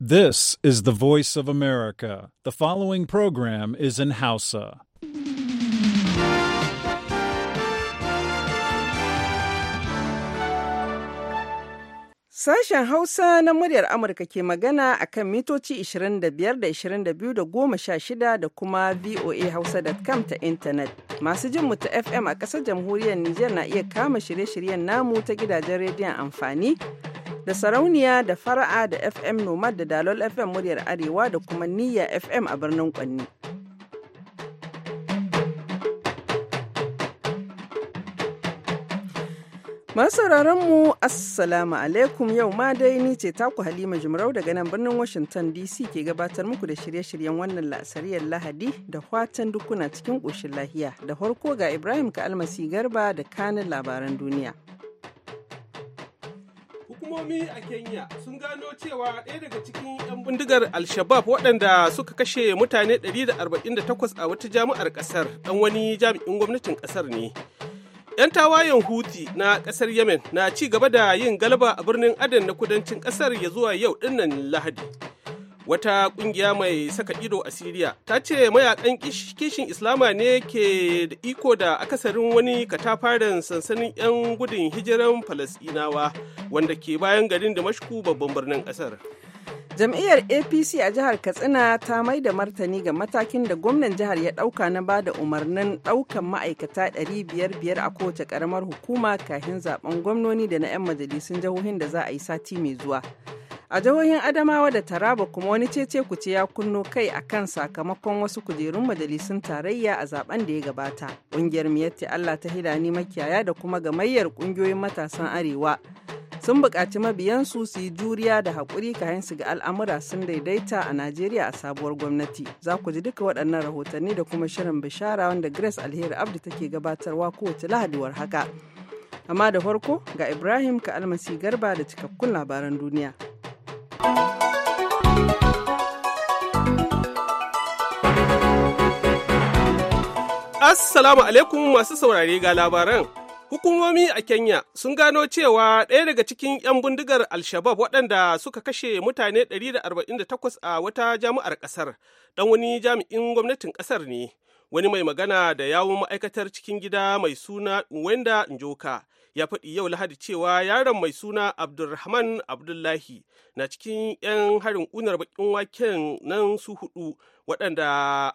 This is the voice of America. The following program is in Hausa. Sashen Hausa na muryar Amurka ke magana a kan mitoci 25 da 22 da 16 da kuma voahausa.com ta intanet. Masu jin ta FM a ƙasar jamhuriyar Nijar na iya kama shirye-shiryen namu ta gidajen rediyon amfani. da sarauniya da fara'a da fm nomad da dalol fm muryar arewa da kuma niyya fm a birnin kwanni sauraron mu assalamu alaikum yau ma dai ni ce taku halima jimarau daga nan birnin washington dc ke gabatar muku da shirye-shiryen wannan la'asariyar lahadi da fatan dukuna cikin ƙoshin lahiya da farko ga ibrahim ka almasi garba da kanin labaran duniya hukumomi a kenya sun gano cewa ɗaya daga cikin 'yan bindigar al-shabab waɗanda suka kashe mutane 148 a wata jami'ar ƙasar ɗan wani jami'in gwamnatin ƙasar ne 'yan tawayen huti na ƙasar yemen na ci gaba da yin galaba a birnin aden na kudancin ƙasar ya zuwa yau ɗinnan lahadi wata kungiya mai saka ido a siriya ta ce mayakan kishin islama ne ke da iko da akasarin wani katafaren sansanin 'yan gudun hijiran falasinawa wanda ke bayan garin da mashku babban birnin kasar jam'iyyar apc a jihar katsina ta mai da martani ga matakin da gwamnan jihar ya dauka na ba da umarnin daukan ma'aikata 500 a kowace karamar hukuma kafin zaben gwamnoni da na 'yan majalisun jihohin da za a yi sati mai zuwa a jihohin adamawa da taraba kuma wani cece kuce ya kunno kai a kan sakamakon wasu kujerun majalisun tarayya a zaben da ya gabata ƙungiyar miyatti allah ta ni makiyaya da kuma gamayyar ƙungiyoyin matasan arewa sun buƙaci mabiyansu su yi juriya da haƙuri kayan su ga al'amura sun daidaita a najeriya a sabuwar gwamnati za ku ji duka waɗannan rahotanni da kuma shirin bishara wanda grace alheri abdu take gabatarwa kowace lahadiwar haka amma da farko ga ibrahim ka almasi garba da cikakkun labaran duniya Assalamu alaikum masu saurare ga labaran. Hukumomi a Kenya sun gano cewa ɗaya daga cikin 'yan bindigar Alshabab waɗanda suka kashe mutane 148 a wata jami'ar ƙasar, ɗan wani jami'in gwamnatin ƙasar ne, wani mai magana da yawon ma'aikatar cikin gida mai suna Nwenda Njoka ya faɗi yau lahadi cewa yaron mai suna abdulrahman abdullahi na cikin 'yan harin ƙunar bakin waken nan su hudu waɗanda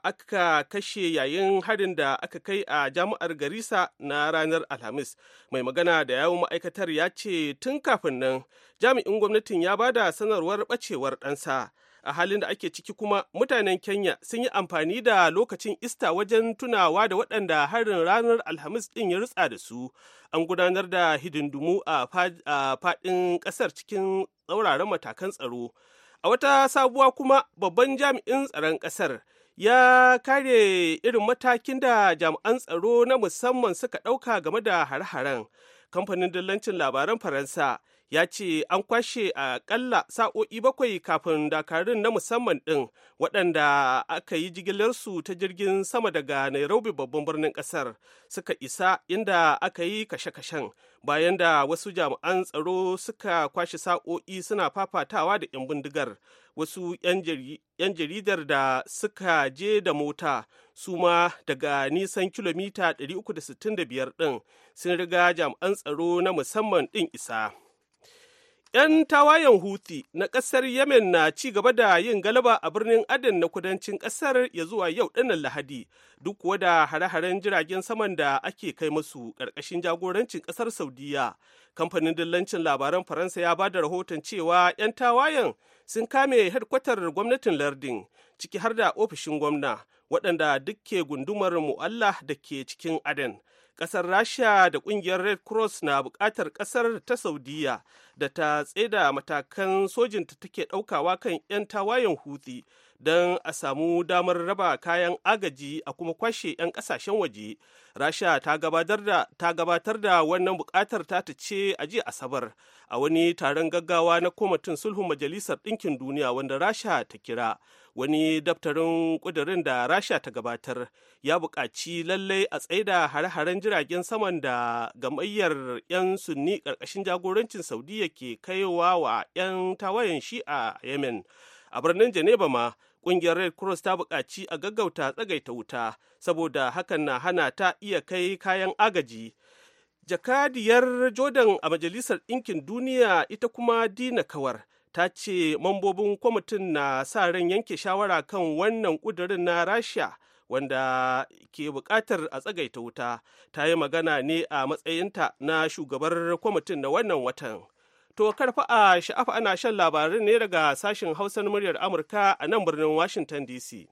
aka kashe yayin harin da aka kai a jami'ar garisa na ranar alhamis mai magana da yawon ma'aikatar ya ce tun kafin nan jami'in gwamnatin ya ba da sanarwar ɓacewar ɗansa a halin da ake ciki kuma mutanen kenya sun yi amfani da lokacin ista wajen tunawa da waɗanda harin ranar alhamis ɗin ya rutsa da su an gudanar da hidindumu a faɗin ƙasar cikin tsauraran matakan tsaro a wata sabuwa kuma babban jami'in tsaron ƙasar ya kare irin matakin da jami'an tsaro na musamman suka ɗauka game da hare-haren kamfanin dillancin labaran faransa ya ce an kwashe akalla sa'o'i bakwai kafin dakarun na musamman ɗin waɗanda aka yi jigilarsu ta jirgin sama daga nairobi babban birnin ƙasar suka isa inda aka yi kashe-kashen bayan da wasu jami'an tsaro suka kwashe sa'o'i suna fafatawa da 'yan bindigar wasu 'yan jaridar da suka je da mota su ma daga nisan kilomita 365 ɗin sun riga jami'an tsaro na musamman ɗin isa. 'Yan tawayen huti na ƙasar Yemen na ci gaba da yin galaba a birnin Aden na kudancin ƙasar ya zuwa yau ɗinnan Lahadi, duk kuwa da hare-haren jiragen saman da ake kai masu ƙarƙashin jagorancin ƙasar Saudiya. Kamfanin dillancin labaran Faransa ya ba da rahoton cewa 'yan tawayen sun kame hedkwatar gwamnatin lardin, ciki har da ofishin gwamna, waɗanda duk ke gundumar mu'alla da ke cikin Aden. kasar rasha da kungiyar red cross na bukatar kasar ta saudiya da ta tseda matakan sojinta take daukawa kan 'yan tawayen hutu don a samu damar raba kayan agaji a kuma kwashe 'yan kasashen waje rasha ta gabatar da wannan bukatar ta ta ce a jiya asabar a wani taron gaggawa na kwamitin sulhun majalisar ɗinkin duniya wanda rasha ta kira wani daftarin ƙudurin da rasha ta gabatar ya buƙaci lallai a tsaida hare-haren jiragen saman da gamayyar 'yan sunni ƙarƙashin jagorancin saudiya ke kaiwa wa 'yan tawayen a yemen a birnin geneva ma Ƙungiyar Red Cross ta buƙaci a gaggauta tsagaita wuta saboda hakan na hana ta iya kai kayan agaji. Jakadiyar Jordan a Majalisar Ɗinkin Duniya ita kuma Dina Kawar ta ce mambobin kwamitin na sa ran yanke shawara kan wannan ƙudurin na Rasha. wanda ke buƙatar a tsagaita wuta ta yi magana ne a matsayinta na shugabar kwamitin na wannan watan To karfa a sha'afa ana shan labarin ne daga sashen Hausa muryar Amurka a nan birnin Washington DC.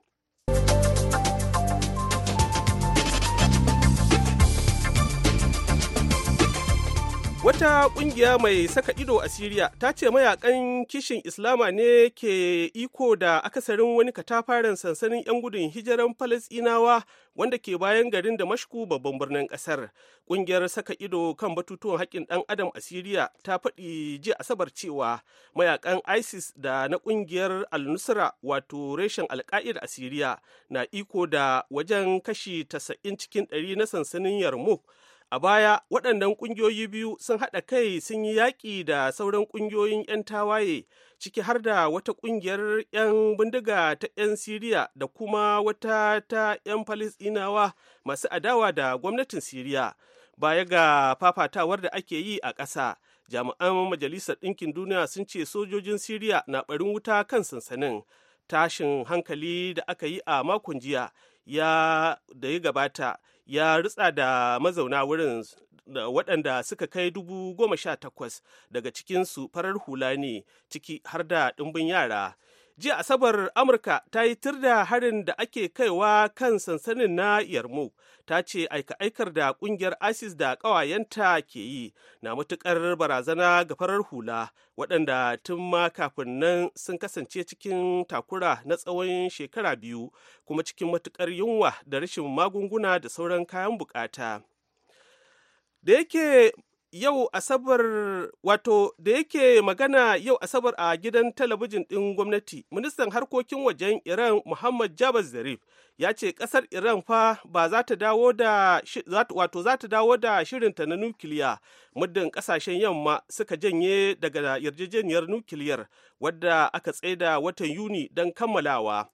Wata kungiya mai saka ido a Siriya ta ce mayakan kishin Islama ne ke iko da akasarin wani katafaren sansanin 'yan gudun hijiran falasinawa wanda ke bayan garin da mashku babban birnin kasar kungiyar saka ido kan batutuwan haƙƙin ɗan adam a Siriya ta faɗi ji Asabar cewa mayakan ISIS da na kungiyar Al-Nusra wato reshen al a Siriya na iko da wajen kashi 90 cikin 100 na sansanin Yarmouk A baya, waɗannan ƙungiyoyi biyu sun haɗa kai sun yi yaƙi da sauran ƙungiyoyin 'yan tawaye, ciki har da wata ƙungiyar 'yan bindiga ta 'yan Siriya da kuma wata ta 'yan Falisɗinawa masu adawa da gwamnatin Siriya. Baya ga fafatawar da ake yi a ƙasa, jami'an Majalisar Ɗinkin Duniya sun ce sojojin Siriya na ɓarin wuta kan sansanin. Tashin hankali da aka yi a makon jiya ya da ya gabata ya rutsa da mazauna wurin waɗanda suka kai dubu goma sha takwas daga cikinsu farar hula ne ciki har da ɗimbin yara jiya asabar amurka ta yi tur da harin da ake kaiwa kan sansanin na yarmu ta ce aika-aikar da kungiyar isis da ƙawayenta ke yi na matukar barazana ga farar hula waɗanda tun ma kafin nan sun kasance cikin takura na tsawon shekara biyu kuma cikin matukar yunwa da rashin magunguna da sauran kayan bukata da yake yau asabar wato da yake magana yau asabar a gidan talabijin ɗin gwamnati ministan harkokin wajen iran muhammad jabaz zarif ya ce ƙasar iran fa ba za ta dawo da wato za ta dawo da shirinta na nukiliya muddin ƙasashen yamma suka janye daga yarjejeniyar nukiliyar wadda aka tsaida watan yuni don kammalawa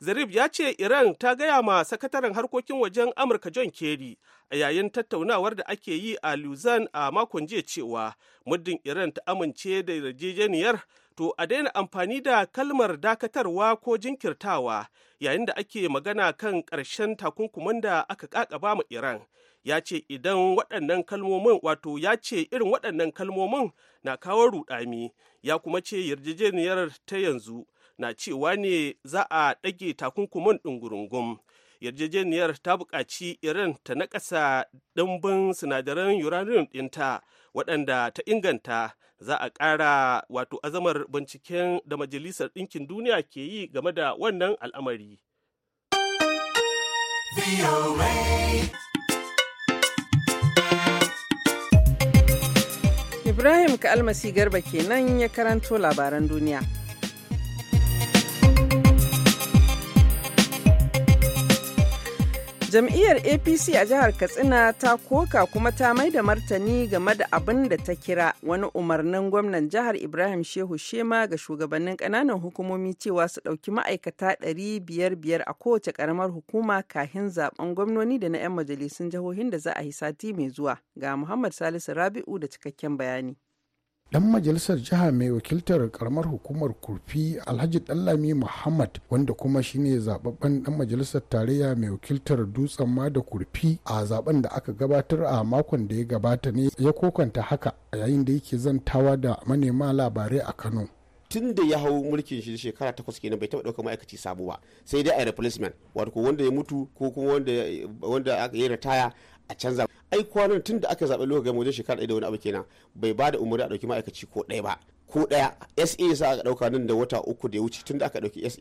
zarif ya ce iran ta gaya ma sakataren harkokin wajen amurka john kerry a yayin tattaunawar da ake yi a luzan a makon jiya cewa muddin iran ta amince da yarjejeniyar to a daina amfani da kalmar dakatarwa ko jinkirtawa yayin da ake magana kan ƙarshen takunkuman da aka ƙaƙaba ma iran ya ce idan waɗannan kalmomin wato ya ce irin waɗannan kalmomin na kawo ruɗami ya kuma ce yarjejeniyar ta yanzu na cewa ne za a ɗage takunkumin ɗungurungun yarjejeniyar ta buƙaci iran ta naƙasa ɗimbin sinadaran uranium ɗinta waɗanda ta inganta za a ƙara wato azamar binciken da majalisar ɗinkin duniya ke yi game da wannan al'amari Ibrahim kaalmasi Garba kenan ya karanto labaran duniya. Jam'iyyar APC a jihar Katsina ta koka kuma ta mai da martani game da abin da ta kira wani umarnin gwamnan jihar Ibrahim Shehu Shema ga shugabannin kananan hukumomi cewa su ɗauki ma'aikata ɗari a kowace karamar hukuma kahin zaben gwamnoni da na 'yan majalisun jihohin da za a yi sati mai zuwa. Ga Muhammad Salisu Rabi'u da cikakken bayani. dan majalisar jiha mai wakiltar karamar hukumar kurfi alhaji dallami muhammad wanda kuma shine zababben dan majalisar tarayya mai wakiltar dutsen ma da kurfi a zaben da aka gabatar a makon da ya gabata ne ya kokanta haka a yayin da yake zantawa da manema labarai a kano tun da ya hau mulkin shi shekara takwas kenan bai taba ɗaukar ma'aikaci sabo ba sai dai a replacement wato wanda ya mutu ko kuma wanda wanda aka yi ritaya a canza ai kwanan tun da aka zaɓi lokacin wajen shekara ɗaya da wani abu kenan bai ba da umarni a ɗauki ma'aikaci ko ɗaya ba ko ɗaya sa aka ɗauka nan da wata uku da ya wuce tun da aka ɗauki sa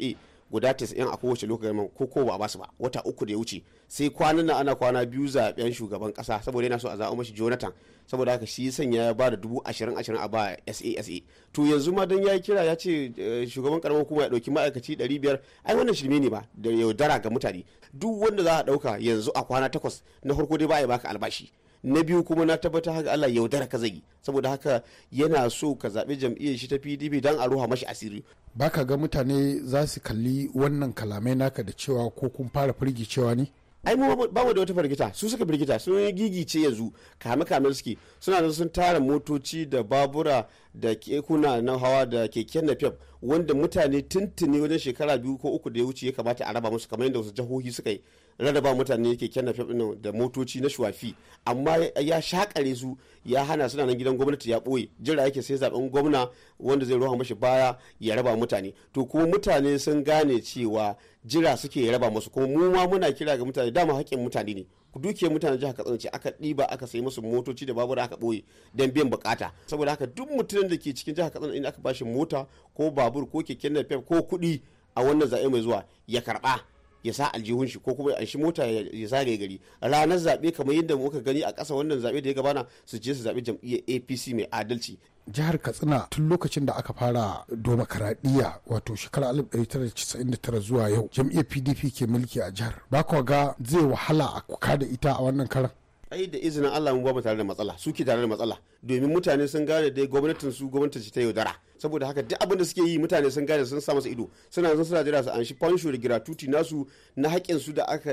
guda 90 a kowace lokacin ko ko ba a basu ba wata uku da ya wuce sai kwanan nan ana kwana biyu zaben shugaban kasa saboda yana so a zaɓa mashi Jonathan saboda haka shi sanya ya ba da dubu ashirin ashirin a ba SASA to yanzu ma don ya kira ya ce eh, shugaban karamar kuma ya ɗauki ma'aikaci ɗari biyar ai wannan shirme ne ba da yaudara ga mutane duk wanda za a ɗauka yanzu a kwana takwas na farko dai ba yi baka albashi na biyu kuma na tabbatar haka Allah yaudara ka zai saboda haka yana so ka zaɓi jam'iyyar shi ta PDP don a ruha mashi asiri baka ga mutane za su kalli wannan kalamai naka da cewa ko kun fara firgicewa ne ai mu ba mu da wata firgita su suka firgita sun yi gigice yanzu kame kame suke suna nan sun tara motoci da babura da kekuna na hawa da keken nafef wanda mutane tuntuni wajen shekara biyu ko uku da ya wuce ya kamata a raba musu kamar yadda wasu jihohi suka yi rarraba mutane keken nafef ɗin da motoci na shuwafi amma ya shakare su ya hana suna nan gidan gwamnati ya ɓoye jira yake sai zaɓen gwamna wanda zai roha mashi baya ya raba mutane to kuma mutane sun gane cewa jira suke ya raba musu kuma mu ma muna kira ga mutane dama haƙƙin mutane ne dukiyar mutane jihar katsina ce aka ɗiba aka sayi musu motoci da babura aka ɓoye don biyan bukata saboda haka duk mutumin da ke cikin jihar katsina inda aka bashi mota ko babur ko keken napep ko kuɗi a wannan zaɓe mai zuwa ya karɓa ya sa aljihun shi ko kuma ya shi mota ya zagaye gari ranar zaɓe kamar yadda muka gani a ƙasa wannan zaɓe da ya gabana su je su zaɓe jam'iyyar apc mai adalci jihar katsina tun lokacin da aka fara domokaraɗiyya wato shekarar 1999 zuwa yau jam'iyyar pdp ke mulki a jihar ba ga zai wahala a kuka da ita a wannan karan ai da izinin allah mu ba tare da matsala suke tare da matsala domin mutane sun gane dai gwamnatin su gwamnatin ce ta yaudara saboda haka duk abin da suke yi mutane sun gane sun sa masa ido suna zan suna jira su an shi fansho da giratuti nasu na haƙƙin su da aka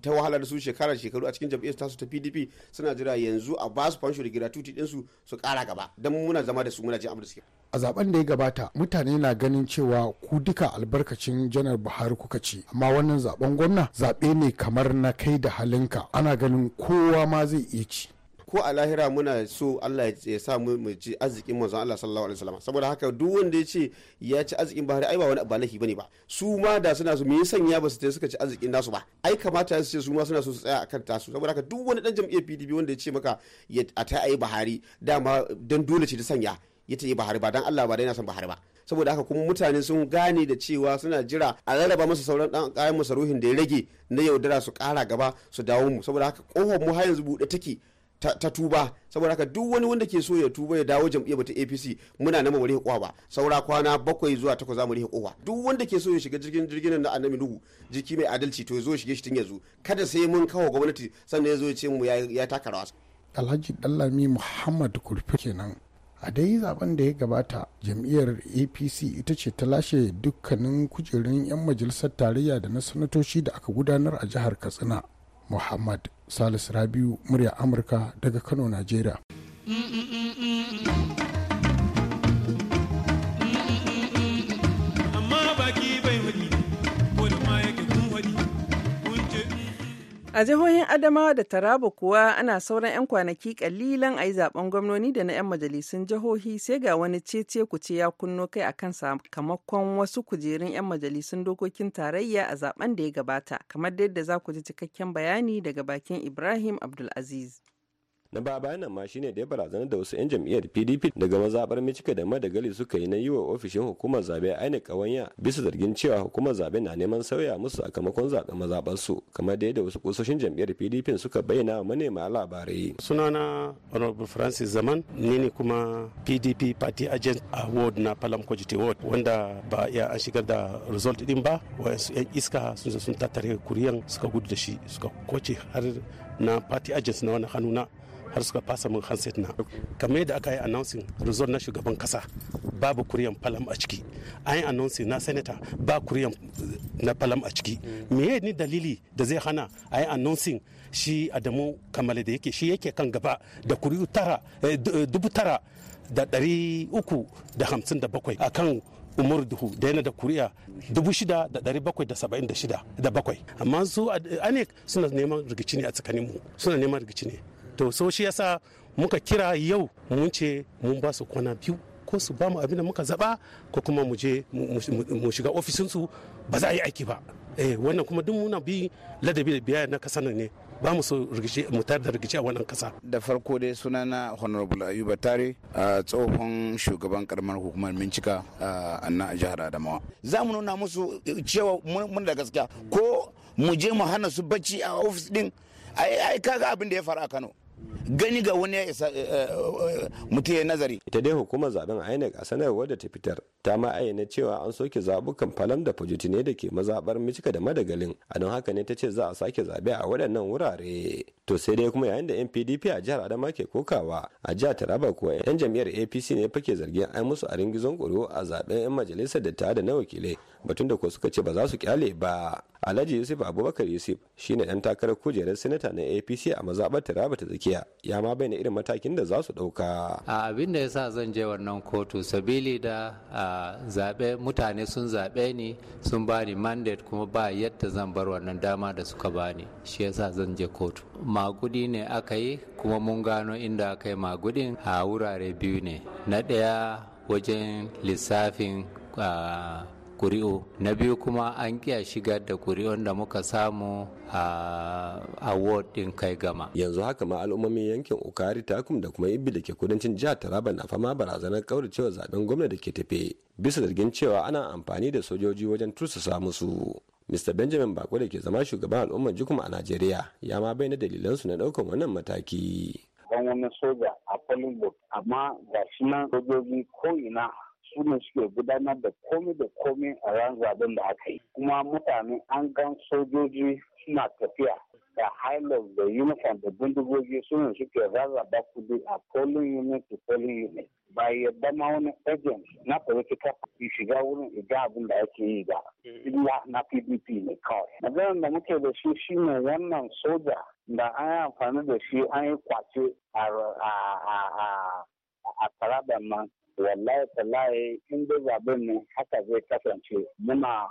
ta wahala da su shekara shekaru a cikin jam'iyyar tasu ta PDP suna jira yanzu a ba su fansho da giratuti din su su ƙara gaba dan muna zama da su muna jin abin da suke a zaben da ya gabata mutane na ganin cewa ku duka albarkacin janar Buhari kuka ce amma wannan zaben gwamna zabe ne kamar na kai da halinka ana ganin kowa ma zai iya ci ko a lahira muna so Allah ya sa mu mu ci arzikin manzon Allah sallallahu alaihi wasallam saboda haka duk wanda ya ce ya ci arzikin bahari ai ba wani ba laifi bane ba su ma da suna so me ya sanya ba su ta suka ci arzikin nasu ba ai kamata su ce su ma suna so su tsaya akan tasu saboda haka duk wani dan jam'iyyar PDP wanda ya ce maka ya ta ai bahari dama dan dole ce ta sanya ya ta yi bahari ba dan Allah ba dai na san bahari ba saboda haka kuma mutane sun gane da cewa suna jira a rarraba masa sauran dan kayan masaruhin da ya rage na yaudara su kara gaba su dawo mu saboda haka kofar mu har yanzu buɗe take ta tuba saboda haka duk wani wanda ke so ya tuba ya dawo jam'iyyar ta APC muna nama mu rihe ba saura kwana bakwai zuwa takwas za mu rihe kowa duk wanda ke so ya shiga jirgin jirgin na annabi nuhu jiki mai adalci to ya zo ya shige shi tun yanzu kada sai mun kawo gwamnati sannan ya zo ya ce mu ya taka rawa Alhaji Dallami Muhammad Kurfi kenan a dai zaben da ya gabata jam'iyyar apc ita ce ta lashe dukkanin kujerun 'yan majalisar tarayya da na sanatoci da aka gudanar a jihar katsina muhammad salis Rabiu murya Amurka daga Kano, Najeriya. Mm, mm, mm, A jihohin Adamawa da Taraba kuwa ana sauran 'yan kwanaki kalilan a yi zaben gwamnoni da na 'yan majalisun jihohi sai ga wani cece ce ya kunno kai akan sakamakon wasu kujerun 'yan majalisun dokokin tarayya a zaben da ya gabata, kamar yadda za ku ji cikakken bayani daga bakin Ibrahim Abdulaziz. na ba bayan nan ma shine da ya barazana da wasu 'yan jam'iyyar pdp daga mazaɓar michiga da madagali suka yi na yi wa ofishin hukumar zabe aina kawanya bisa zargin cewa hukumar zabe na neman sauya musu sakamakon zaɓen mazaɓar su kamar da yadda wasu kusoshin jam'iyyar pdp suka bayyana wa manema labarai sunana honorable francis zaman ni ne kuma pdp party agent a ward na palam kwajite ward wanda ba ya an shigar da result din ba wayansu 'yan iska sun sun tattare kuriyan suka gudu da shi suka kwace har na party agents na wani hannu na har suka fasa min handset na kamar yadda aka yi announcing result na shugaban kasa babu kuryan falam a ciki an yi announcing na senator ba kuryan na falam a ciki me ni dalili da zai hana a yi announcing shi adamu kamale da yake shi yake kan gaba da kuri'u tara eh, eh, dubu tara da ɗari uku da hamsin da bakwai a kan umar duhu da yana da kuri'a dubu shida da ɗari bakwai da saba'in da shida da bakwai amma su ane suna neman rigici ne a tsakanin mu suna neman rigici ne to so shi yasa muka kira yau mun ce mun ba su kwana biyu ko su ba mu abin da muka zaba ko kuma mu je mu shiga ofisinsu ba za a yi aiki ba eh wannan kuma duk muna bi ladabi da biya na kasa ne ba mu so mu tar da rikici a wannan kasa da farko dai sunana honorable ayuba tare a tsohon shugaban karamar hukumar bincika a annan jihar adamawa za mu nuna musu cewa mun da gaskiya ko mu je mu hana su bacci a ofis din ai kaga abin da ya faru a kano gani ga wani ya isa eh, eh, eh, mutu ya nazari. Ita dai hukumar zaben INEC a sanarwar da ta fitar ta ma ayyana cewa an soke zabukan falam da ne da ke mazabar micika da Madagalin a don haka ne ta ce za a sake zabe a waɗannan wurare. To sai dai kuma yayin da NPDP a jihar Adama ke kokawa a jihar Taraba kuwa 'yan jam'iyyar APC ne fake zargin ai musu a ringizon kuro a zaben 'yan majalisar da ta da na wakilai batun da ko suka ce ba za su kyale ba alhaji yusuf abubakar yusuf shine dan takarar kujerar sinata na apc a mazaɓar taraba ta tsakiya ya ma bayyana irin matakin da za su ɗauka a abin da yasa zan je wannan kotu sabili da zaɓe mutane sun zaɓe ni sun bani mandate kuma ba yadda zan bar wannan dama da suka bani shi yasa zan je kotu magudi ne aka yi kuma mun gano inda aka yi magudin a wurare biyu ne na ɗaya wajen lissafin kuri'u na biyu kuma an kiya shigar da kuri'un da muka samu a award din kai gama yanzu haka ma al'ummomin yankin ukari takum da kuma ibi da ke kudancin jihar taraba na fama barazanar kauracewa zaben gwamna da ke tafe bisa zargin cewa ana amfani da sojoji wajen tursasa musu Mr. Benjamin Bako da ke zama shugaban al'ummar jikuma a Najeriya ya ma bayyana dalilansu na ɗaukar wannan mataki. Dan wani soja a Hollywood amma ga shi nan sojoji ko ina su suke gudanar da komai da komai a ran zaben da aka yi kuma mutane an gan sojoji suna tafiya da highland da uniform da bindigogi su ne suke rarraba kudi a polling unit to polling unit ba yadda ma wani agent na political party shiga wurin iga abin da ake yi ba illa na pdp ne kawai maganar da muke da shi shine wannan soja da an yi amfani da shi an yi kwace a a a a a wallahi tallahi in dai zaɓen mu haka zai kasance muna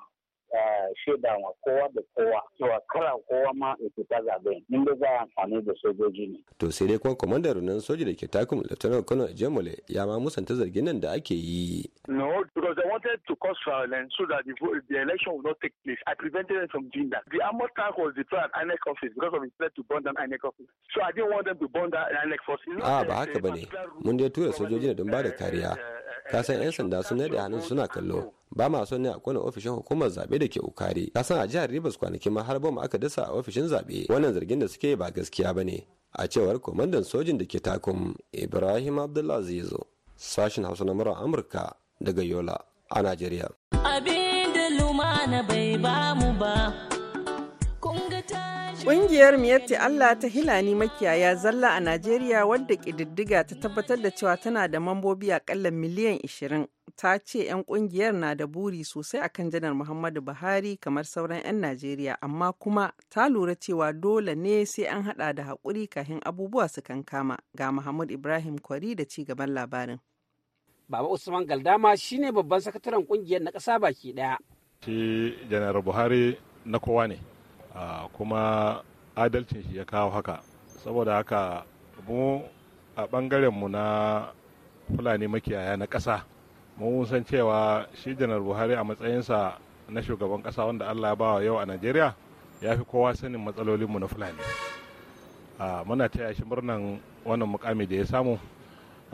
Eh, shaida wa kowa da kowa cewa kara kowa ma ya fita zaben in da za a amfani da sojoji ne. To sai dai kuma kwamandan rundunar soja da ke takun Lieutenant Colonel Jemole ya ma musanta zargin nan da ake yi. No, because they wanted to cause violence so that the, the election would not take place. I prevented them from doing that. The armored tank was deployed at INEC office because of his threat to burn down INEC office. So I didn't want them to burn down INEC force. A ah, ba haka ba ne. Mun dai tura sojoji da don ba da kariya. Eh, eh, Kasan 'yan sanda sun da hannun suna kallo. ba ma son ne a kone ofishin hukumar zabe da ke ukare san a jihar Ribas kwanakin ma har bom aka dasa a ofishin zabe wannan zargin da suke ba gaskiya ba ne a cewar kwamandan sojin da ke takum ibrahim abdullah zo. sashin hausa na murar amurka daga yola a najeriya abin da lumana bai bamu ba Ƙungiyar Miyatti Allah ta Hilani makiyaya zalla a Najeriya wadda ƙididdiga ta tabbatar da cewa tana da mambobi aƙalla miliyan 20 ta ce 'yan ƙungiyar na da buri sosai akan janar Muhammadu Buhari kamar sauran 'yan Najeriya amma kuma ta lura cewa dole ne sai an hada da haƙuri kafin abubuwa su kankama ga Muhammad Ibrahim Kwari da ci gaban labarin. Baba Usman Galdama shine babban sakataren ƙungiyar na ƙasa baki ɗaya. Shi Janar Buhari na kowa ne. Ah, kuma adalcin shi ya kawo haka saboda haka mu a mu na fulani makiyaya na ƙasa mun san cewa shi janar buhari a matsayinsa na shugaban ƙasa wanda allah ya bawa yau a najeriya ya fi kowa sanin matsalolinmu na fulani ah, muna taya shi murnan wannan mukami da ya samu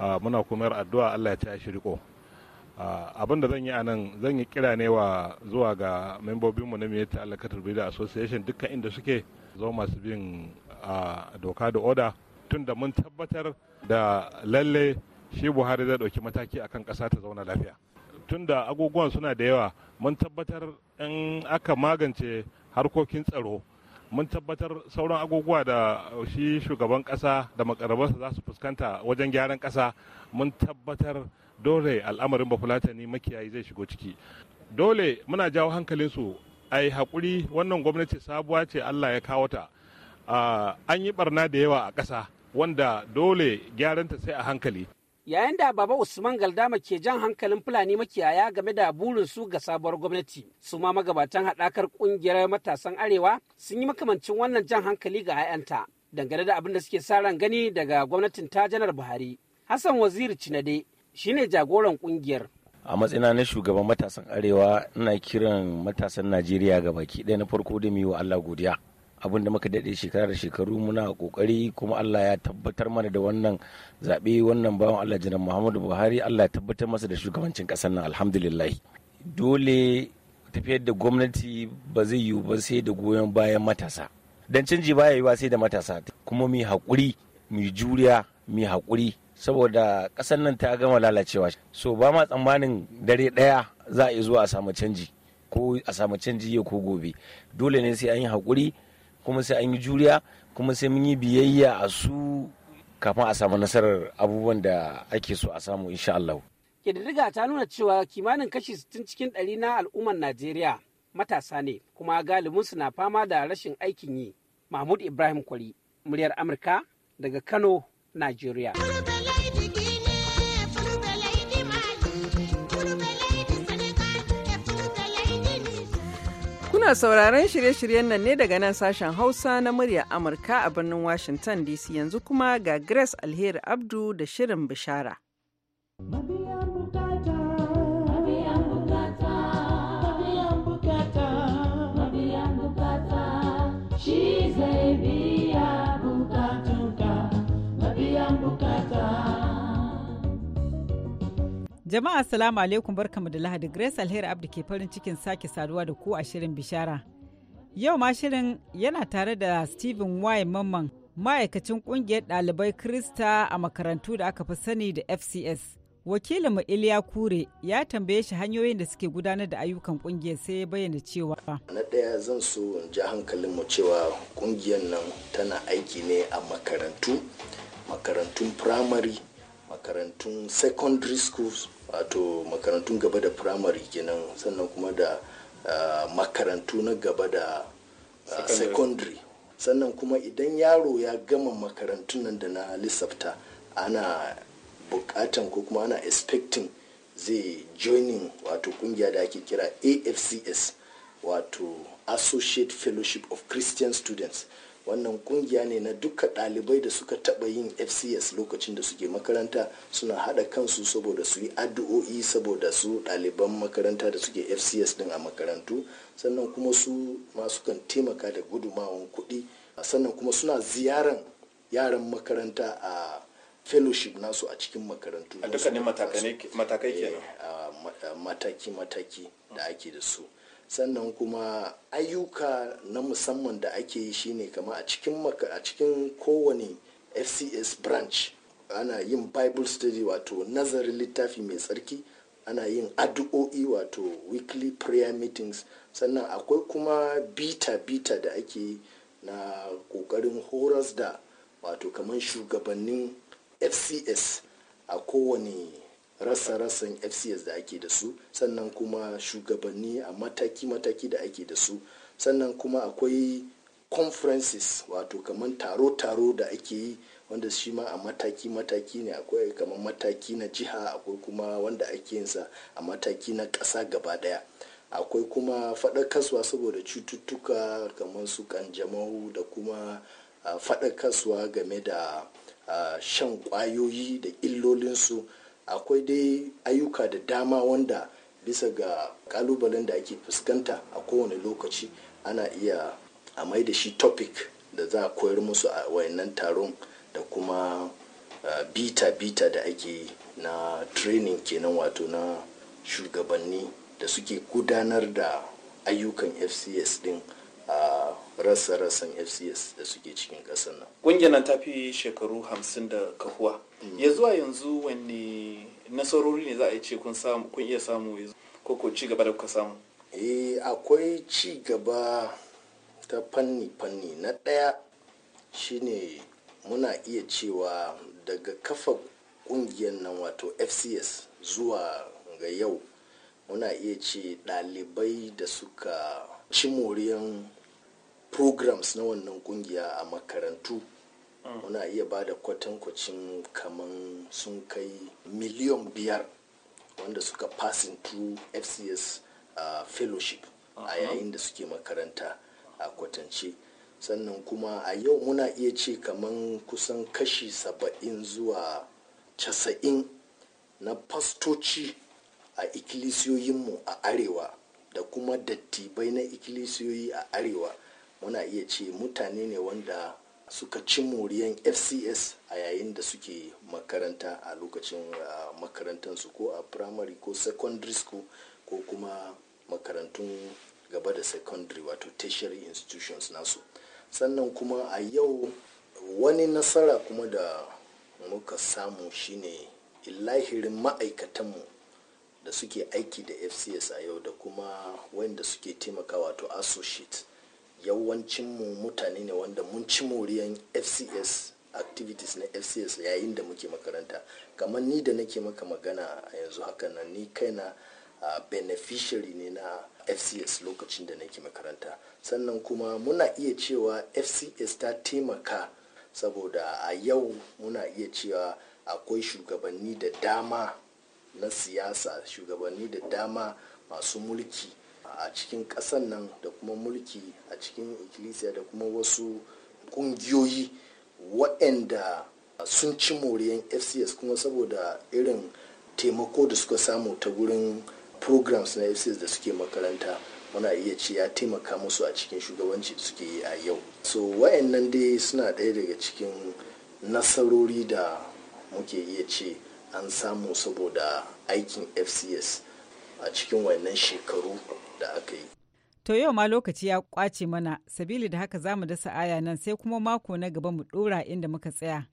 ah, muna kuma addu'a allah ya taya shi riko abin da zan yi a nan zan yi kira ne wa zuwa ga membobinmu na miyar alakatar da association dukkan inda suke zo masu bin a doka da oda tun da mun tabbatar da lalle shi buhari zai ɗauki mataki akan ƙasa ta zauna lafiya tun da agogon suna da yawa mun tabbatar in aka magance harkokin tsaro mun tabbatar sauran agogowa da shi shugaban ƙasa da makarabarsa za su fuskanta wajen gyaran ƙasa mun tabbatar dole al'amarin ne makiyayi zai shigo ciki dole muna jawo hankalinsu a yi haƙuri wannan gwamnati sabuwa ce allah ya kawo ta an yi barna da yawa a ƙasa wanda dole gyaranta sai a hankali yayin da baba usman galdama ke jan hankalin fulani makiyaya game da burin su ga sabuwar gwamnati su ma magabatan haɗakar ƙungiyar matasan arewa sun yi makamancin wannan jan hankali ga 'ya'yanta dangane da abin da suke sa ran gani daga gwamnatin ta janar buhari hassan waziri cinade shine jagoran kungiyar a matsina na shugaban matasan arewa ina kiran matasan najeriya ga baki ɗaya na farko da mu yi wa allah godiya abin da muka daɗe shekara da shekaru muna kokari kuma allah ya tabbatar mana da wannan zaɓe wannan bawan allah janar muhammadu buhari allah ya tabbatar masa da shugabancin ƙasar nan alhamdulillah dole tafiyar da gwamnati ba zai yiwu ba sai da goyon bayan matasa dan canji baya yiwa sai da matasa kuma mu yi haƙuri mu yi juriya mu yi haƙuri saboda ƙasar nan ta gama lalacewa so ba ma tsammanin dare ɗaya za a yi zuwa a samu canji ko a samu canji ya ko gobe dole ne sai an yi haƙuri kuma sai an yi juriya kuma sai mun yi biyayya a su kafin a samu nasarar abubuwan da ake so a samu insha Allah. Kididdiga ta nuna cewa kimanin kashi 60 cikin ɗari na al'ummar Najeriya matasa ne kuma galibinsu na fama da rashin aikin yi. Mahmud Ibrahim Kwari, muryar Amurka daga Kano, Najeriya. Kuna sauraron shirye-shiryen nan ne daga nan sashen Hausa na murya Amurka a birnin Washington DC yanzu kuma ga Grace Alheri Abdu da Shirin Bishara. She zai Jama'a salamu alaikum barkamu da Lahadi Grace Alheri Abdi ke farin cikin sake saduwa da ku a shirin bishara. Yau ma shirin yana tare da Stephen Y. Mamman ma'aikacin kungiyar ɗalibai Krista a makarantu da aka fi sani da FCS. Wakilinmu Iliya Kure ya tambaye shi hanyoyin da suke gudanar da ayyukan kungiyar sai ya bayyana cewa. Na ɗaya zan so in hankalin mu cewa kungiyar nan tana aiki ne a makarantu, makarantun firamare, makarantun secondary schools wato makarantun gaba da firamare kenan sannan kuma da ah, makarantu na gaba da ah, secondary sannan kuma idan yaro ya gama makarantun nan da na lissafta ana bukatan ko kuma ana expecting zai joining wato kungiya da ake kira afcs wato associate fellowship of christian students wannan kungiya ne na duka dalibai da suka taɓa yin fcs lokacin da suke makaranta suna haɗa kansu saboda su yi addu'o'i saboda su daliban makaranta da suke fcs din a makarantu sannan kuma su masu kan taimaka da gudumawan kuɗi sannan kuma suna ziyaran yaran makaranta a fellowship nasu a cikin makarantu a dukkanin matakai kenan eh, mataki-mataki da ake da su sannan kuma ayyuka na musamman da ake yi shine kama a cikin a kowane fcs branch ana yin bible study wato nazarin littafi mai tsarki ana yin addu'o'i wato weekly prayer meetings sannan akwai kuma bita-bita da ake na kokarin horas da wato kamar shugabannin fcs a kowane rasa-rasan fcs da ake da su sannan kuma shugabanni a mataki-mataki da ake da su sannan kuma akwai conferences wato kamar taro-taro da ake yi wanda shi ma a mataki-mataki ne akwai kamar mataki na jiha akwai kuma wanda ake yinsa a mataki na ƙasa gaba daya akwai kuma faɗakaswa saboda cututtuka kamar su kanjamau da kuma ah, faɗakaswa game da ah, shan ƙwayoyi da illolinsu akwai dai ayyuka da dama wanda bisa ga kalubalen da ake fuskanta a kowane lokaci ana iya a mai da shi topic da za a koyar musu a wayannan taron da kuma bita-bita da ake na training kenan wato na shugabanni da suke gudanar da ayyukan fcs din a rassa-rassan fcs da suke cikin kasar nan ƙungiyar nan ta fi shekaru hamsin da kahuwa mm. ya zuwa yanzu wani nasarori ne za a yi ce kun iya samu ko ko ci gaba da kuka samu eh akwai ci gaba ta fanni-fanni na ɗaya shine muna iya cewa daga kafa ƙungiyar nan wato fcs zuwa ga yau muna iya ce ɗalibai da suka ci moriyan programs na wannan kungiya a makarantu muna iya ba da kwatankwacin kamar sun kai miliyan biyar wanda suka passing through fcs fellowship a yayin da suke makaranta a kwatance sannan kuma a yau muna iya ce kaman kusan kashi saba'in zuwa casa'in na fastoci a ikilisiyoyinmu a arewa da kuma dattibai na ikilisiyoyi a arewa muna iya ce mutane ne wanda suka ci moriyan fcs a yayin da suke makaranta a lokacin uh, makarantarsu ko a primary ko secondary school ko kuma makarantun gaba da secondary wato tertiary institutions nasu sannan kuma a yau wani nasara kuma da muka samu shine lahirin ma'aikatanmu da suke aiki da fcs a yau da kuma wanda suke taimaka wato associate yawancin mu mutane ne wanda mun ci moriyan fcs activities na fcs yayin da muke makaranta kamar ni da nake maka magana a yanzu hakan nan ni kaina na beneficiary ne na fcs lokacin da nake makaranta sannan kuma muna iya cewa fcs ta taimaka saboda a yau muna iya cewa akwai shugabanni da dama na siyasa shugabanni da dama masu mulki a cikin ƙasan nan da kuma mulki a cikin ikkilisiya da kuma wasu ƙungiyoyi waɗanda sun ci moriyan fcs kuma saboda irin taimako da suka samu ta gurin programs na fcs da suke makaranta muna iya ce ya taimaka musu a cikin shugabanci da suke yi a yau so wayannan dai suna ɗaya daga cikin nasarori da muke iya ce an samu saboda aikin fcs a cikin wannan shekaru da aka yi. To yau ma lokaci ya kwace mana, sabili da haka zamu dasa aya nan sai kuma mako na gaba mu ɗora inda muka tsaya.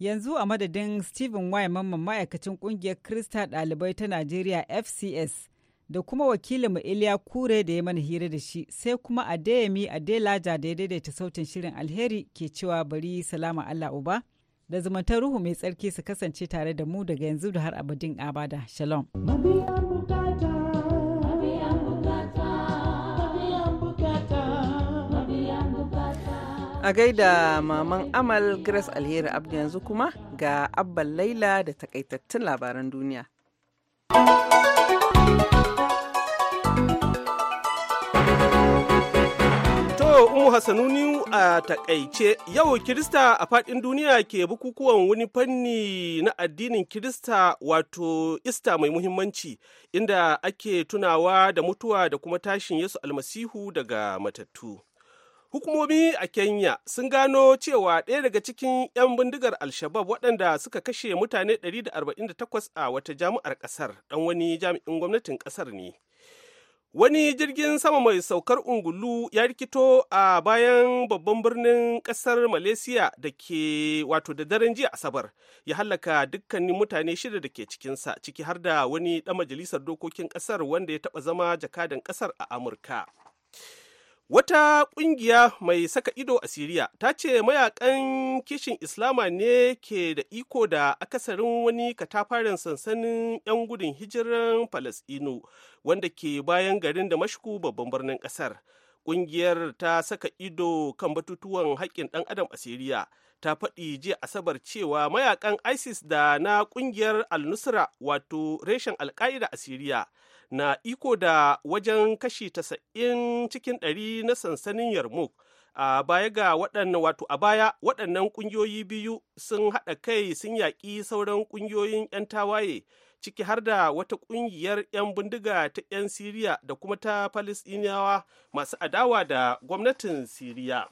Yanzu a madadin Stephen Y. Mamman ma'aikacin kungiyar Krista ɗalibai ta Najeriya FCS da kuma wakilin mu Iliya Kure da ya mana hira da shi sai kuma Adeyemi Adelaja da ya daidaita sautin shirin alheri ke cewa bari salama Allah Uba. da zumuntar ruhu mai tsarki su kasance tare da mu daga yanzu da har abadin abada shalom A gaida maman Amal Grace Alheri Abdu yanzu kuma ga Abban Laila da takaitattun labaran duniya. Umu Hassanu New a takaice, yau Kirista a faɗin duniya ke bukukuwan wani fanni na addinin Kirista wato Ista mai muhimmanci, inda ake tunawa da mutuwa da kuma tashin Yesu almasihu daga matattu. Hukumomi a Kenya sun gano cewa ɗaya daga cikin 'yan bindigar Alshabab waɗanda suka kashe mutane 148 a wata jami'ar ƙasar ɗan wani jami'in gwamnatin ƙasar ne. Wani jirgin sama mai saukar ungulu ya rikito a bayan babban birnin ƙasar Malaysia da ke wato da daren jiya Asabar ya hallaka dukkanin mutane shida da ke cikinsa ciki har da wani ɗan majalisar dokokin ƙasar wanda ya taɓa zama jakadan ƙasar a Amurka. Wata ƙungiya mai saka ido a Siriya ta ce mayakan kishin Islama ne ke da iko da akasarin wani katafaren sansanin 'yan gudun hijiran Falasɗinu wanda ke bayan garin da mashku babban birnin ƙasar. Ƙungiyar ta saka ido kan batutuwan haƙƙin ɗan adam a Siriya ta faɗi jiya Asabar cewa mayakan ISIS da na ƙungiyar Al-Nusra wato reshen Al-Qaida a Siriya na iko da wajen kashi 90 cikin 100 na sansanin yarmouk a baya ga waɗannan wato a baya waɗannan ƙungiyoyi biyu sun haɗa kai sun yaƙi sauran ƙungiyoyin 'yan tawaye ciki har da wata ƙungiyar 'yan bindiga ta 'yan siriya da kuma ta palestiniyawa masu adawa da gwamnatin siriya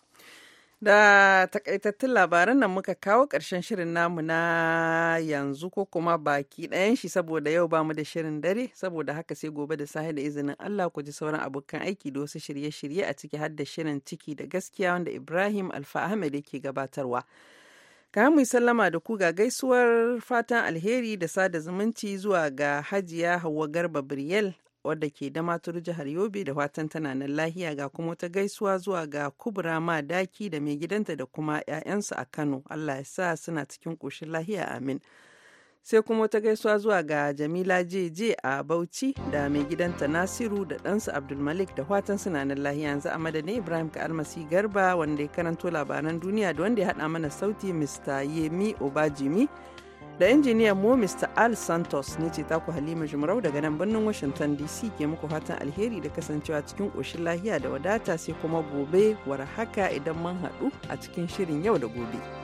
Da takaitattun labaran nan muka kawo ƙarshen shirin namu na yanzu ko kuma baki ɗayan shi saboda yau bamu da shirin dare saboda haka sai gobe da sahi da izinin Allah ku ji sauran abokan aiki da wasu shirye-shirye a ciki har da shirin ciki da gaskiya wanda Ibrahim Alfa Ahmed yake gabatarwa. Ka mu sallama da ku ga gaisuwar fatan alheri da sada zumunci zuwa ga Hajiya Hauwa Garba Biryel wadda ke da maturu jihar Yobe da watan tana nan lahiya ga kuma wata gaisuwa zuwa ga kubra ma daki da mai gidanta da kuma 'ya'yansu a Kano. Allah ya sa suna cikin ƙoshin lahiya amin. Sai kuma wata gaisuwa zuwa ga Jamila jeje a Bauchi da mai gidanta Nasiru da ɗansa Abdulmalik da watan suna nan lahiya yanzu a ne Ibrahim ka almasi Garba wanda ya karanto labaran duniya da wanda ya haɗa mana sauti Mr. Yemi Obajimi. da injiniyan mu Mr. Al Santos ne ce taku Halima Jumrau daga nan birnin Washington DC ke muku fatan alheri da kasancewa cikin ƙoshin lahiya da wadata sai kuma gobe war haka idan mun haɗu a cikin shirin yau da gobe.